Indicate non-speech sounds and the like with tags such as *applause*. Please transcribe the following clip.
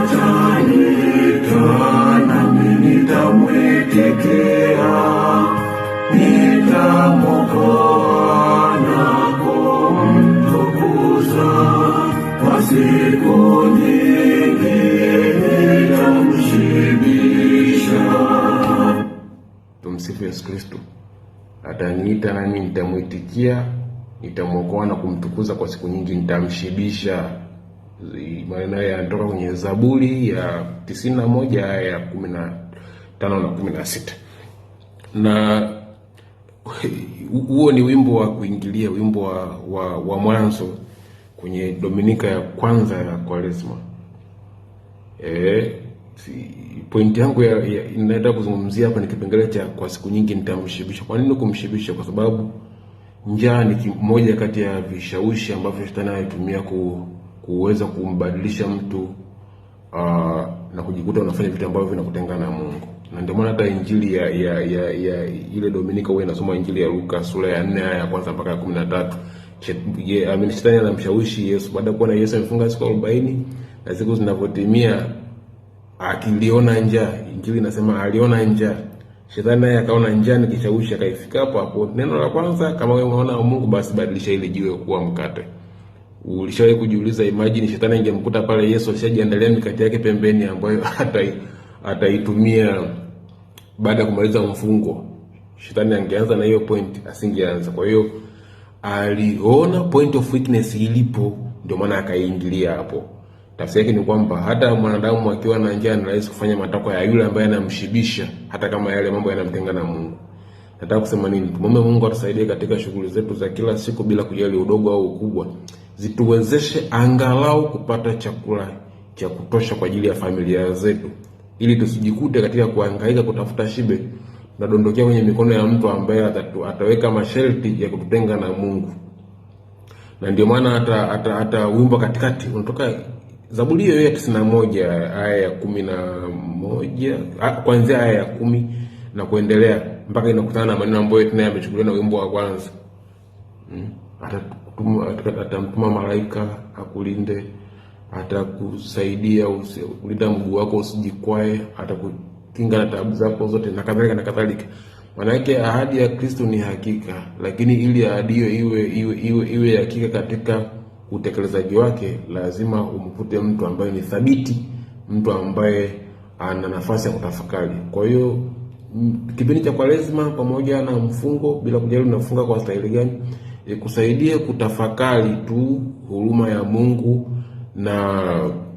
ataniita nami nitamwitikia, nitamwokoa na kumtukuza. Kwa siku nyingi nitamshibisha. Tumsifu Yesu kristu Ataniita nami nitamwitikia, nitamwokoa na kumtukuza. Kwa siku nyingi nitamshibisha ya yanatoka kwenye Zaburi ya tisini na moja aya ya kumi na tano na kumi na sita na huo ni wimbo wa kuingilia wimbo wa, wa, wa mwanzo kwenye Dominika ya kwanza ya Kwaresma. E, eh, pointi yangu ya, ya, inaenda kuzungumzia hapa ni kipengele cha kwa siku nyingi nitamshibisha. Kwa nini kumshibisha? Kwa sababu njaa ni moja kati ya vishawishi ambavyo shetani anatumia ku kuweza kumbadilisha mtu uh, na kujikuta unafanya vitu ambavyo vinakutenga na Mungu. Na ndio maana hata injili ya, ya, ya, ya ile Dominika huwa inasoma injili ya Luka sura ya 4 aya ya kwanza mpaka ya 13. Yeah, I mean, shetani anamshawishi Yesu baada ya kuona Yesu amefunga siku 40 na siku zinavyotimia akiliona njaa. Injili inasema aliona njaa. Shetani naye akaona njaa ni kishawishi akaifika hapo hapo. Neno la kwanza, kama wewe unaona Mungu basi badilisha ile jiwe kuwa mkate. Ulishawahi kujiuliza imagine shetani angemkuta pale Yesu ashajiandalia mikate yake pembeni ambayo *laughs* ataitumia baada ya kumaliza mfungo? Shetani angeanza na hiyo point, asingeanza. Kwa hiyo aliona point of weakness ilipo, ndio maana akaingilia hapo. Tafsiri yake ni kwamba hata mwanadamu akiwa na njia ni rahisi kufanya matakwa ya yule ambaye anamshibisha, hata kama yale mambo yanamtenga na Mungu. Nataka kusema nini? Tumwombe Mungu atusaidie katika shughuli zetu za kila siku bila kujali udogo au ukubwa zituwezeshe angalau kupata chakula cha kutosha kwa ajili ya familia zetu, ili tusijikute katika kuhangaika kutafuta shibe tunadondokea kwenye mikono ya mtu ambaye ataweka masharti ya kututenga na Mungu. Na ndio maana hata hata hata wimbo katikati unatoka Zaburi hiyo ya tisini na moja aya ya kumi na moja kuanzia aya ya kumi na kuendelea mpaka inakutana na maneno ambayo tena yamechukuliwa na wimbo wa kwanza hmm atamtuma malaika akulinde, atakusaidia kulinda mguu wako usijikwae, atakukinga na taabu zako zote na kadhalika na kadhalika. Manake ahadi ya Kristo ni hakika, lakini ili ahadi hiyo iwe iwe iwe iwe hakika katika utekelezaji wake, lazima umkute mtu ambaye ni thabiti, mtu ambaye ana nafasi ya kutafakari. Kwa hiyo kipindi cha Kwaresma pamoja na mfungo, bila kujali unafunga kwa staili gani ikusaidie kutafakari tu huruma ya Mungu na